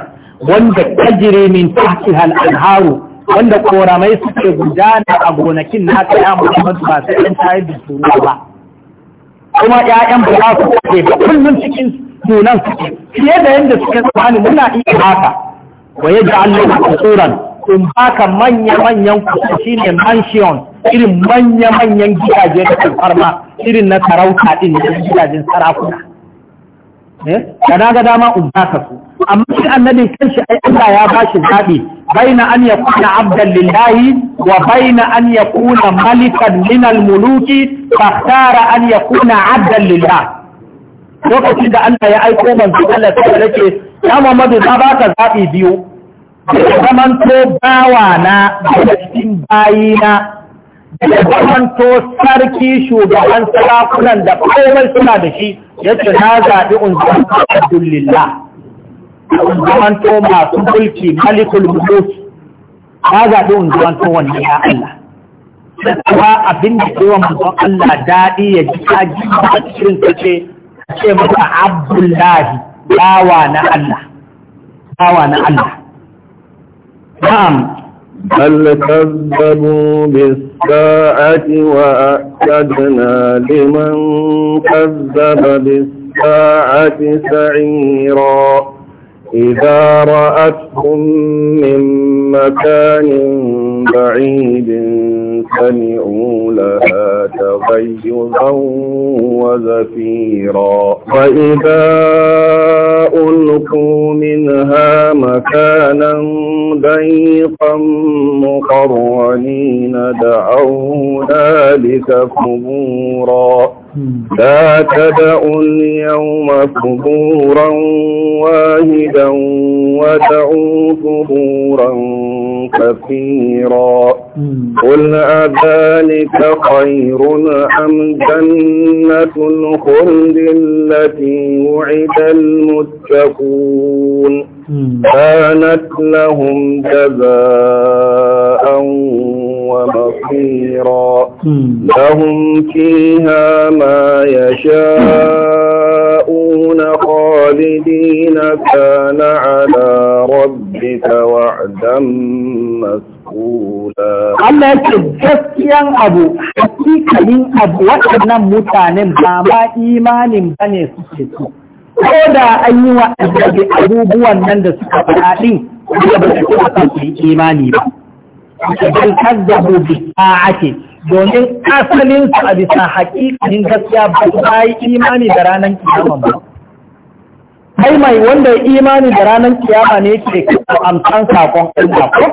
wanda tajiri min tahtiha al wanda koramai suke gudana a gonakin na kai Muhammadu ba sai tayar da suna ba kuma 'ya'yan ba za su kullum cikin sunan fiye da yadda suke tsammani muna iya haka wa ji lahu qusuran in baka manya manyan shi ne mansion irin manya manyan gidaje da farma irin na sarauta din da gidajen sarakuna Eh? da na ga dama in baka su amma shi annabin kanshi ai Allah ya bashi zabi baina an yakuna abdan lillahi wa baina an yakuna malikan min almuluki fakhtara an yakuna abdan lillah lokacin da Allah ya aiko manzo Allah sai yake ya Muhammadu na baka zabi biyu zaman to bawa na daga cikin bayina da zaman to sarki shugaban sarakunan da komai suna da shi yake na zaɓi unzuman a unzuman to masu mulki malikul mulus na zaɓi unzuman to wannan ya Allah kuma abin da wa manzon Allah daɗi ya ji ta ji a cikin ta ce ce masa Abdullahi bawa na Allah bawa na Allah na'am بل كذبوا بالساعة وأعتدنا لمن كذب بالساعة سعيرا إذا رأتهم من مكان بعيد سمعوا لها تغيظا وزفيرا فإذا ألقوا منها مكانا ضيقا مقرنين دعوا ذلك ثبورا لا تدعوا اليوم ثبورا واهدا ودعوا ثبورا كثيرا قل أذلك خير أم جنة الخلد التي وعد المتقون كانت لهم جزاء ومصيرا لهم فيها ما يشاءون خالدين كان على ربك وعدا مسؤولا Allah yake gaskiyan abu hakikalin abu waɗannan mutanen ba ma imanin bane suke so ko da an yi wa annabi abubuwan nan da suka faɗa din da ba su aka su yi imani ba bal kazzabu bi sa'ati domin asalin su a bisa haƙiƙanin gaskiya ba su ba yi imani da ranar kiyama ba kai mai wanda ya imani da ranar kiyama ne ke amsan sakon Allah ko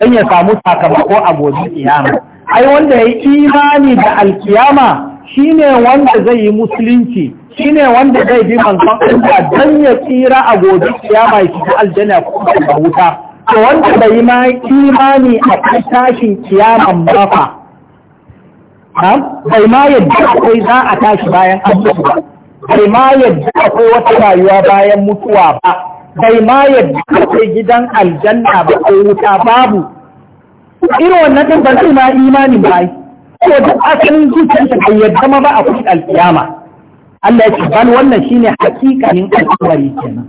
dan ya samu sakamako a gobe kiyama ai wanda ya imani da alkiyama Shi ne wanda zai yi musulunci Shi ne wanda zai bi manzon Allah dan ya tsira a gobe kiyama ya ta aljanna ko da wuta to wanda bai ma imani a kan tashin kiyaman ba fa bai ma yadda akwai za a tashi bayan mutu ba bai ma yadda akwai wata rayuwa bayan mutuwa ba bai ma yadda akwai gidan aljanna ba ko wuta babu irin wannan din ma imani ba ko da asalin zuciyarsa bai yadda ma ba a kuɗi alkiyama Allah ya ce bal wannan shine hakikanin alkawari kenan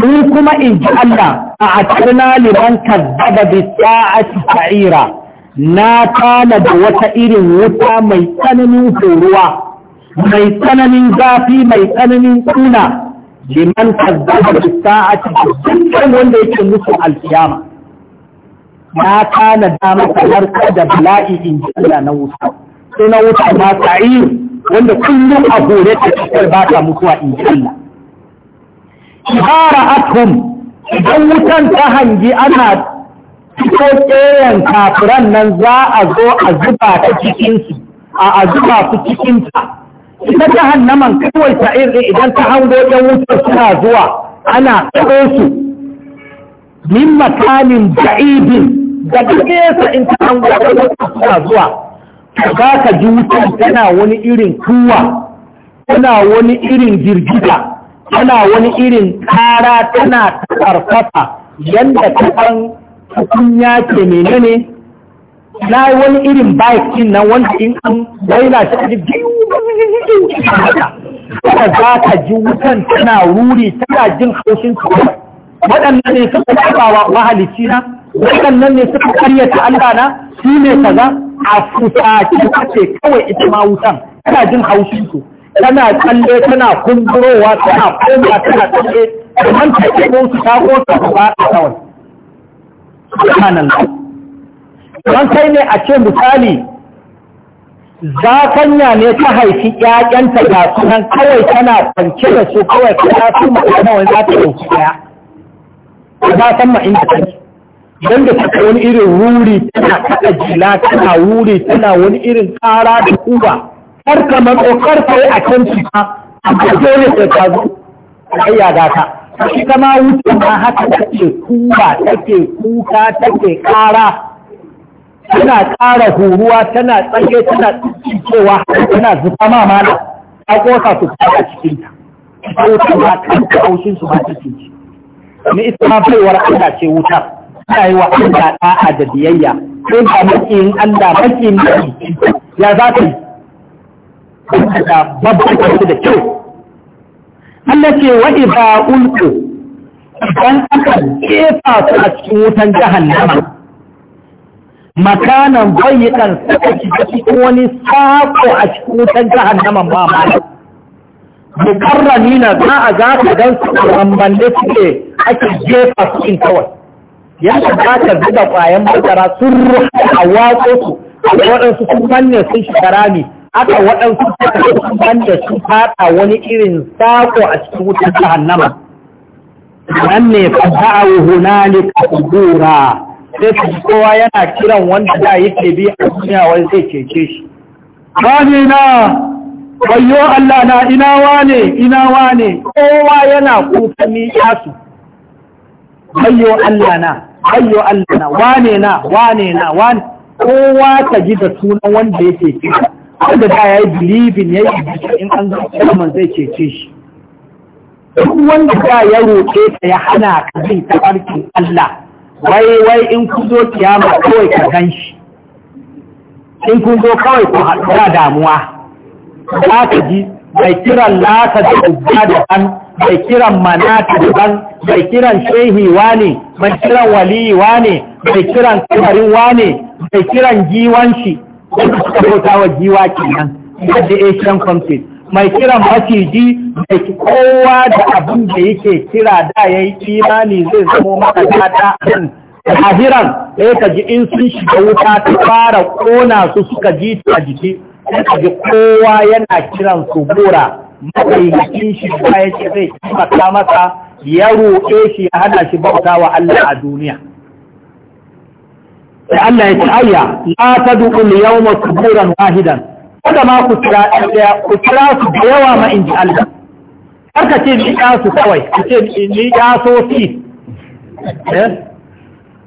mun kuma in ji Allah a atarna liman kazzaba bi sa'ati sa'ira na tana da wata irin wuta mai tsananin horuwa mai tsananin zafi mai tsananin kuna liman kazzaba bi sa'ati dukkan wanda yake musu alkiyama na tana dama masa da bala'i in ji Allah na wuta sai na wuta ma sa'i wanda kullum a gore ta cikar ba ta mutuwa in ji Allah ibara atum idan wutan ta hangi ana fito tseren kafiran nan za a zo a zuba ta cikinsu a zuba su cikinta ita ta hannaman kawai sa'ir ɗin idan ta hango ɗan wutar suna zuwa ana tsaro su min makamin da'ibin duk yasa in ta an suna zuwa za ka ji wutar tana wani irin kuwa tana wani irin girgiza tana wani irin kara tana karfasa Yanda ta san tukunya ke menene na wani irin bike din nan wanda in an daina shi a jikin za ka ji wutan tana ruri tana jin haushin tsohon waɗannan ne suka taɓa wa mahalicci na waɗannan ne suka karyata Allah na shi ne kaza a fusace kace kawai ita ma wutan tana jin haushin su tana tsalle tana kumburowa tana koma tana tsalle kamar ta ke ko su tako ta ba a kawai subhanallah dan kai ne a ce misali zakanya ne ta haifi ƴaƴanta ga sunan kawai tana kwance da su kawai ta su ma'ana wani za ta ɗauki ɗaya ba san ma inda take don da take wani irin wuri tana kada jila tana wuri tana wani irin kara da kuba kar kamar kokar kar a can cika a kai ne ta ka zo ayya ga ta shi kama wuce ma haka take kuba take kuka take kara tana kara huruwa tana tsage tana cewa tana zuba ma mana a kosa su fara cikin ta ta wuce ma kan kaushin su ba cikin ni ita baiwar Allah ce wutar ta yi wa Allah a da biyayya sai ba makiyin Allah maki ya za ta yi da babban da kyau Allah ce wa idza ulqu idan aka kefa su a cikin wutan jahannama makanan bayyakan suka shiga cikin wani sako a cikin wutan jahannaman ba ma mukarrami na za a za ka dan su ramballe suke ake jefa su in kawai yadda za ka zuba ƙwayan masara sun rufe a watsa su waɗansu sun manne sun shiga rami aka waɗansu sun manne sun fata wani irin sako a cikin wutar jahannama nan ne ne ka kubura sai ka ji kowa yana kiran wanda da yake bi a duniya wani zai cece shi bani na bayyo Allah na ina wane ina wane kowa yana kuka miƙa su ayyo Allah na ayyo Allah na wane na wane na wane kowa ka ji da sunan wanda ya ce ce wanda da ya yi bilibin ya yi in an zo kalman zai ce shi duk wanda za ya roƙe ta ya hana ka zai barkin Allah wai wai in ku zo kiyama kawai ka gan shi in kuzo zo kawai ku haɗu damuwa za ka ji mai kiran lasa da ubba da ɗan mai kiran manata da ɗan mai kiran shehi wane mai kiran waliyi wane mai kiran kabarin wane mai kiran giwanshi wanda suka bauta wa giwa kenan yadda asian conflict mai kiran maciji mai kowa da abin da yake kira da ya yi imani zai zamo maka data a hiran ya ka ji in sun shiga wuta ta fara kona su suka ji a jiki sai ka ji kowa yana kiran su bora matsayin shi bayan shi zai taimaka masa ya roƙe shi ya hana shi bauta wa Allah a duniya sai Allah ya ci ayya la tad'u al su suburan wahidan wanda ma ku kira ɗaya ku kira su da yawa ma in ji Allah har ka ce ni ya su kawai ka ce ni ya so si. Eh?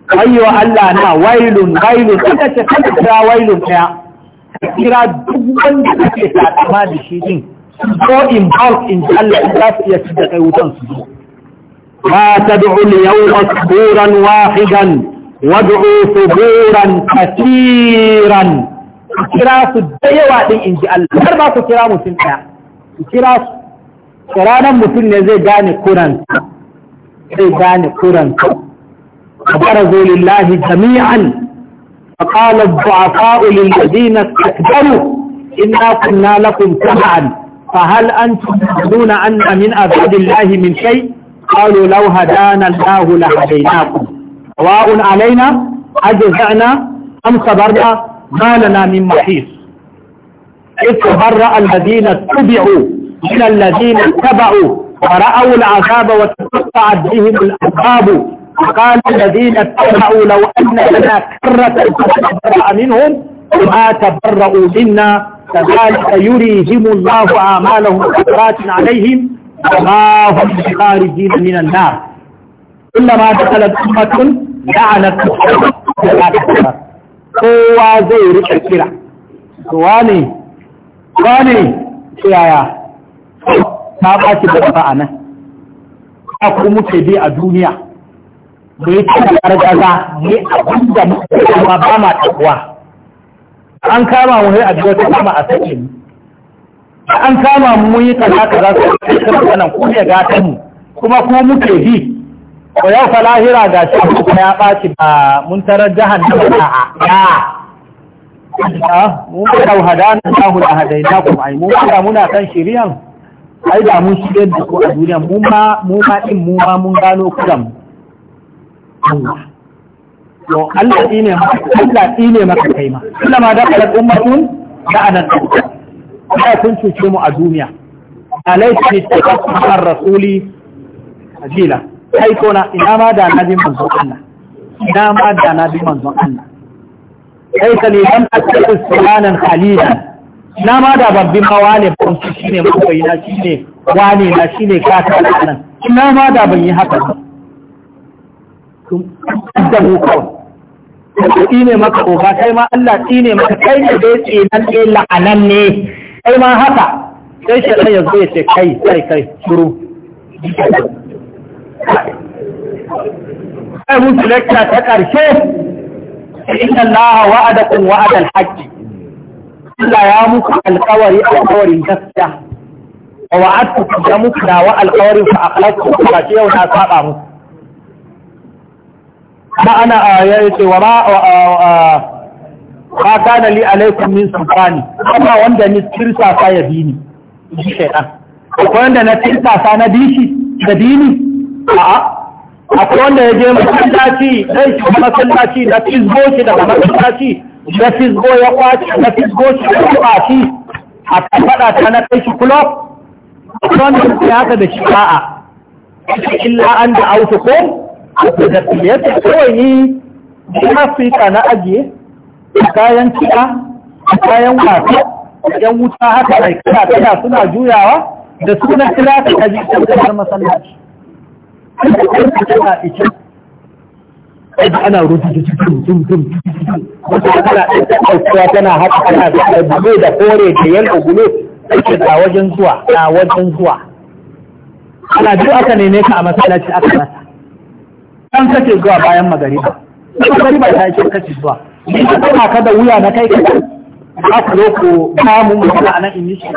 Ayyuwa Allah na wailun wailun ka ce ka kira wailun ɗaya kira duk wanda kake saƙama da shi din ko in bulk inji ji Allah in za su iya su da kai wutan su zo. Ma ta du'u li yau wa suburan wahidan wa du'u suburan kasiran. Ku kira su da yawa din in ji Allah. Har ba ku kira mutum ɗaya. Ku kira su. Ƙuranan mutum ne zai gane kuran. Zai gane kuran. Ka bara zo lillahi jami'an. فقال الضعفاء للذين استكبروا إنا كنا لكم تبعا فهل أنتم تظنون أن من أبعد الله من شيء قالوا لو هدانا الله لهديناكم سواء علينا أجزعنا أم صبرنا ما لنا من محيص إذ تبرأ الذين اتبعوا من الذين اتبعوا ورأوا العذاب وتقطعت بهم الأسباب وقال الذين اتبعوا لو أن لنا كرة فتبرأ منهم وما تبرؤوا منا كذلك يريهم الله أعمالهم حسرات عليهم وما هم بخارجين من النار كلما دخلت أمة لعنت kowa zai rika kira wane wane yaya ta يا ما ba a nan ku muke bi mu yi ce a mu yi a da kuma ba ma takuwa an kama mu sai a ji wata kama a sake mu an kama mu mun yi kaza kaza su yi kaza kanan ku ne gata mu kuma ku muke bi ko yau fa lahira ga shi kuma ya ɓaci ba mun tarar da na a ya mu ka na hadana da hadai hadaina kuma ai mu ka muna kan shiriyan ai da mun shirye da ko a duniya mu ma mu ma din mu ma mun gano kudan mu Allah to Allah ne Allah ne maka kai ma Allah ma da kalan ummatun da anan da kun cuce mu a duniya alaysa tafakkar rasuli ajila kai ko na ina ma da nabi manzon Allah ina ma da nabi manzon Allah kai ka ne dan asali sulanan khalilan ina ma da babbi mawa ne ban shine kai na shine wane na shine kaka nan ina ma da ban yi haka ba sun da hukawar da tsine maka oga kai ma Allah tsine maka kai ne dai tsinan ne la'anan ne kai ma haka sai shi ya zo ya ce kai kai kai shuru kai mun lecture ta karshe inna Allah wa'adakum wa'adal haqq Allah ya muku alƙawari alƙawarin gaskiya wa wa'adtukum ya muku da wa alƙawarin fa aqlaqtu fa yau na saba muku ma'ana a ce wa ma ba kana li alaikun min sultani amma wanda ni tirsa sa ya bi ni ji shaytan akwai wanda na tirsa sa na bi shi da bi ni a'a akwai wanda ya je masallaci dai shi masallaci na fisgo shi daga masallaci na fisgo ya kwaci na fisgo shi da kwaci a faɗa ta na kai shi kulob wanda ya haka da shi a'a illa an da auto ko ya ce kawai ni afirka na ajiye kayan cika kayan wasa yan wuta haka mai kada kada suna juyawa da sunan kira ta kaji kan masallaci suna ikin yadda da rubutu cikin dum wata tana ɗaukewa tana haka tana da bulo da kore da yalda bulo take da wajen zuwa na wajen zuwa ana duk aka neme a masallaci aka masa kan kake zuwa bayan magariba magariba ta yake kake zuwa ni ka kama ka da wuya na kai ka za ku zo ba mu mutum a nan in yi shi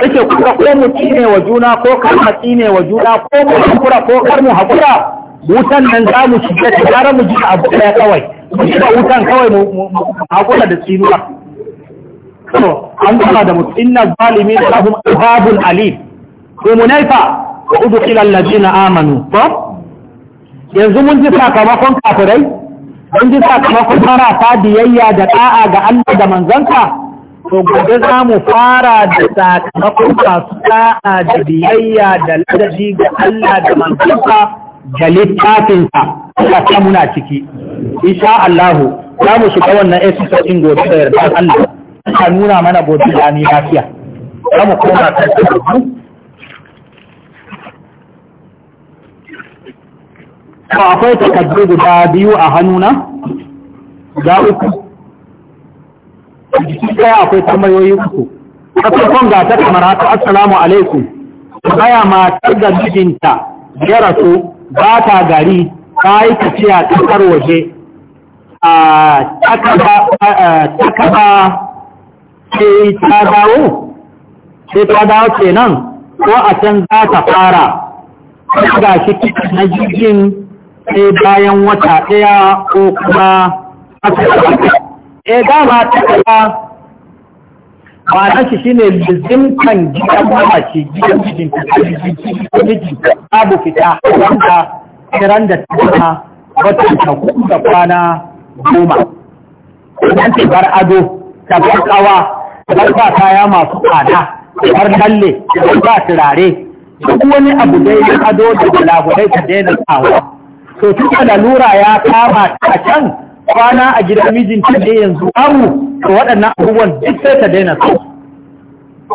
yake kuka ko mu tsine wa juna ko kar mu ne wa juna ko mu kura ko kar mu hakura wutan nan za mu shiga ta gara mu ji abu ɗaya kawai mu shiga wutan kawai mu hakura da tsinuwa to an gama da mutum inna zalimin lahum azabun alim ko munaifa wa udkhila alladhina amanu to yanzu mun ji sakamakon kafirai mun ji sakamakon marasa biyayya da ɗa'a ga Allah da manzanka to gobe za mu fara da sakamakon masu ɗa'a da biyayya da ladabi ga Allah da manzanka da littafinsa Allah ta muna ciki insha Allah za mu shiga wannan episode gobe da yarda Allah ta nuna mana gobe da ni lafiya za mu koma kan ko akwai takaddu guda biyu a hannuna ga uku Jiki jikin akwai tambayoyi uku ta farkon ga ta kamar haka assalamu alaikum baya matar da mijinta ya rasu ba ta gari ta yi tafiya ƙasar waje a takaba ce ta dawo ce ta dawo nan? ko a can za ta fara ga shi na jirgin sai bayan wata ɗaya ko kuma e dama ta ba na shi shine lizimkan gidan mamaci gidan mijinta ko mijinta babu fita wanda kiran da ta wata ta da kwana goma idan ta bar ado ta bar kawa ta bar ba kaya masu tsada ta bar lalle ta bar ba turare duk wani abu dai ado da balagulai ta daina tsawa to tuka da lura ya kama ta can kwana a gidan mijinta ne yanzu amu to waɗannan abubuwan duk sai ta daina su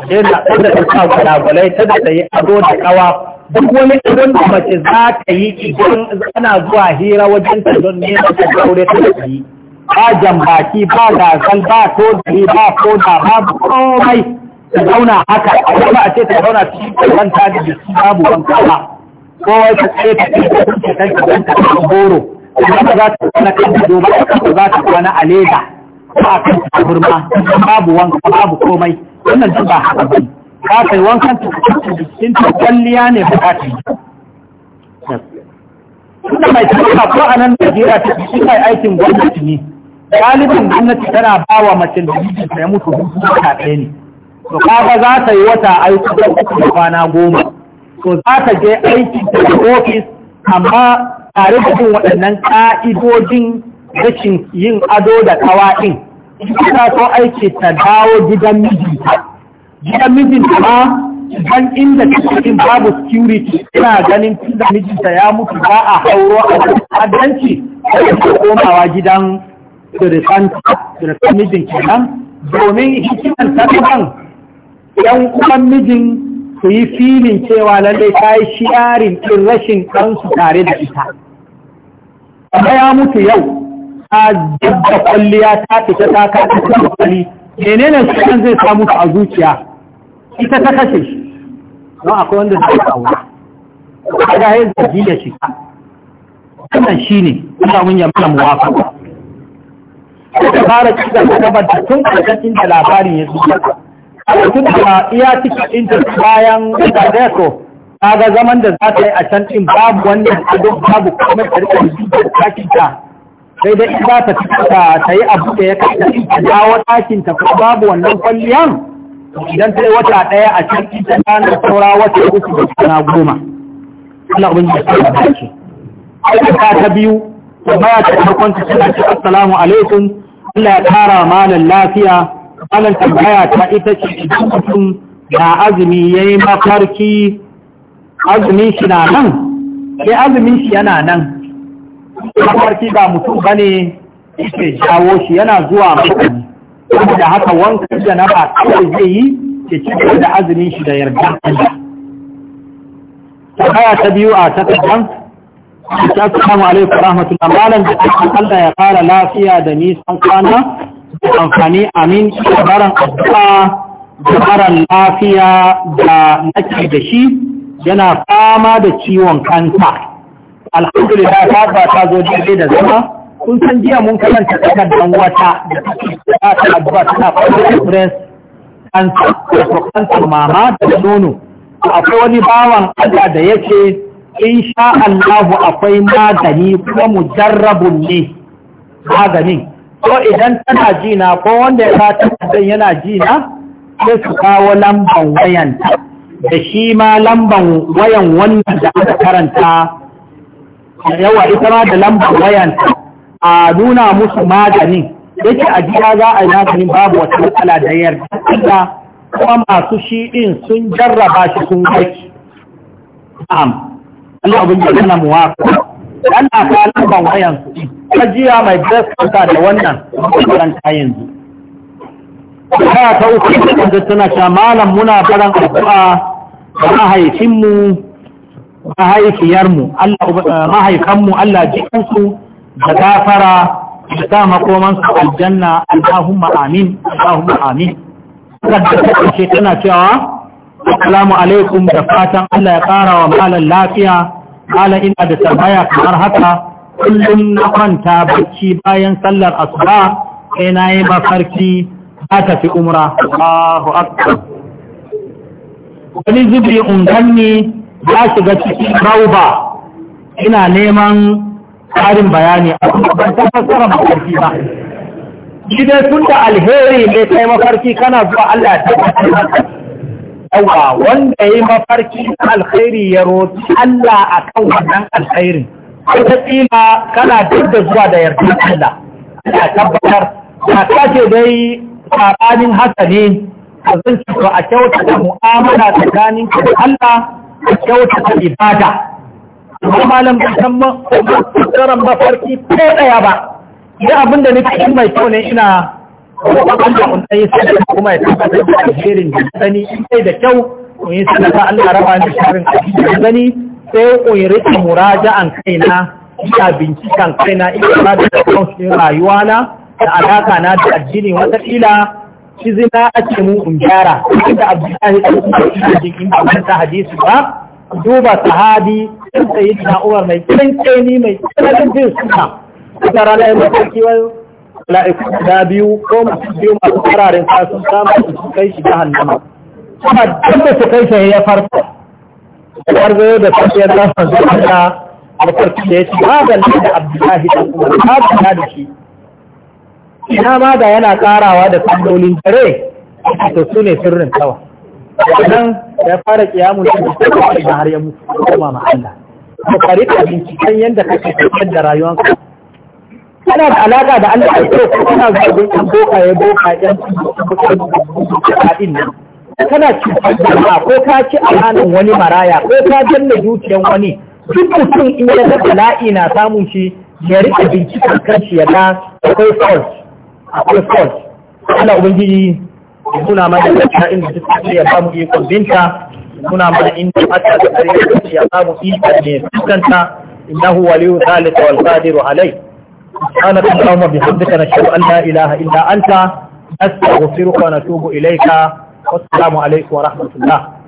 daina da ta sa gwalagwalai ta da ta yi ado da kawa duk wani irin da mace za ta yi idan ana zuwa hira wajen ta don neman ta daure ta yi ba jambaki ba gasal ba tozali ba koda ba komai ta zauna haka a wani a ce ta zauna cikin kwanta da jiki babu wanka ba kowa ta tsaye ta ce ta kuce kan ta kanta a goro ba za ta kwana kan ta domin a za ta kwana a leda ba kan ta burma babu wanka babu komai wannan duk ba haka ba ka kai wankan ta kuce jikin ta kwalliya ne ba bukatun Tunda mai tafiya ko a nan Najeriya ta shi kai aikin gwamnati ne. Galibin gwamnati tana ba wa mace da mijinta sai mutu hutu ta ɗaya ne. To kaga za ta yi wata aiki da kwana goma. to za ka je aiki da ofis amma tare da yin waɗannan ƙa'idojin rashin yin ado da kawa'in ta so aiki ta dawo gidan mijinta gidan mijinta ma idan inda cikin babu security ina ganin tunda mijinta ya mutu ba a hauro a adanci da komawa gidan firisan mijin kenan domin hikimar tattalin yan uwan mijin su yi filin cewa lallai ta yi shi'arin ɗin rashin ɗansu tare da ita amma ya mutu yau ta jibba kwalliya ta fita ta kasa ta mene menene su kan zai samu a zuciya ita ta kashe shi don akwai wanda zai kawo ta ga yin zaji da shi wannan shi ne Allah mun yamma muwafa ta fara cikin da tun a da labarin ya zuciya kuma iya cika inda bayan da zai so kaga zaman da za ta yi a can ɗin babu wannan adon babu kuma da rika da ɗakin ta sai dai in za ta cika ta yi abu da ya kasance ta dawo ɗakin ta kuma babu wannan kwalliyan idan ta yi wata ɗaya a can ɗin ta ranar saura wata uku da kwana goma Allah ubin da ta dace ta ta biyu ta baya ta farkon ta tana ce assalamu alaikum Allah ya kara malam lafiya wannan tambaya ta ita ce idan mutum azumi ya yi mafarki azumin shi na nan sai eh, azumin shi yana nan mafarki ba mutum ba ne yake jawo shi yana zuwa mutane da haka wankan da na ba kawai zai yi ke cikin da azumin shi da yarda tambaya ta biyu a takardar Assalamu alaikum warahmatullahi malam da Allah ya fara lafiya da nisan kwana amfani amin dabaran addu'a dabaran lafiya da nake da shi yana fama da ciwon kanta alhamdulillah ta ba ta zo jirgin da zama kun san jiya mun karanta takardar wata da take ta ta addu'a tana fara breast kanta, da mama da nono akwai wani bawan Allah da yake in sha Allah akwai magani kuma mujarrabun ne maganin ko idan tana jina ko wanda ya fata idan yana jina sai su kawo lamban wayan da shi ma lamban wayan wannan da aka karanta yawa ita ma da lamban wayan a nuna musu maganin yake a jiya za a yi maganin babu wata matsala da yarda kuma masu shi ɗin sun jarraba shi sun kai Allah abin da yana muwafa. dan a kalan ban wayan su jiya mai breast cancer da wannan makaranta yanzu ta ta uku da tana cewa malam muna baran addu'a ga mahaifinmu mahaifiyarmu Allah mahaifanmu Allah jikansu da gafara da sa makoman su aljanna Allahumma amin Allahumma amin ta ce tana cewa assalamu alaikum da fatan Allah ya kara wa malam lafiya kala ina da tambaya kamar haka kullum na kwanta bacci bayan sallar asuba sai na yi mafarki ta tafi umra Allahu akbar wani zubi unganni ya shiga cikin rauba ina neman tsarin bayani a ban tafasara mafarki ba shi dai tun da alheri mai kai mafarki kana zuwa Allah ta yawa wanda ya yi mafarki alkhairi ya roƙi Allah a kan wannan alkhairin wataƙila kana duk da zuwa da yarda Allah ya tabbatar ka kace dai saɓanin haka ne a zan to a kyautata mu'amala tsakanin ka da Allah a kyautata ibada amma malam ban san mafarki ko ɗaya ba idan abin da nake mai kyau ne ina Allah kun tsaye sadaka kuma ya tabbatar da alherin da sani in sai da kyau kun yi sadaka Allah raba ni sharin da sani sai kun yi rika muraja'an kaina ina bincikan kaina ina ba da kawai rayuwa na da alaka na da addinin wataƙila shi zina a ce mu in gyara inda abdullahi da kuma ina jin in ba manta hadisi ba duba sahabi sai sayyidina Umar mai tsantseni mai tsananin jin suna da ranar da mala'iku guda biyu ko masu biyu masu fararen sun kama su su kai shi jahannama kuma duk da su kai shi ya farko har zai da farko ya zama zuwa da mafarki da ya ce da abdullahi da kuma babu na da shi ina ma da yana karawa da sandolin dare to su ne sirrin kawa nan ya fara kiyamun shi da har ya mutu kuma ma Allah ka binciken yadda kake tafiyar da rayuwarka kana da alaƙa da Allah a ko kana zargin ɗan bokaye bokayen kuɗin nan kana cutar da ko ka ci alanin wani maraya ko ka danna dukiyan wani duk mutum in ya ga bala'i na samun shi ya rike bincikan kanshi ya ga akwai fault akwai fault ana ubangiji ya nuna mana da ta inda duk sai ya samu ikon binta nuna mana inda hatta da kare ya samu ikon ne sukanta innahu waliyu zalika wal qadiru alayhi سبحانك اللهم وبحمدك نشهد أن لا إله إلا أنت نستغفرك ونتوب إليك والسلام عليكم ورحمة الله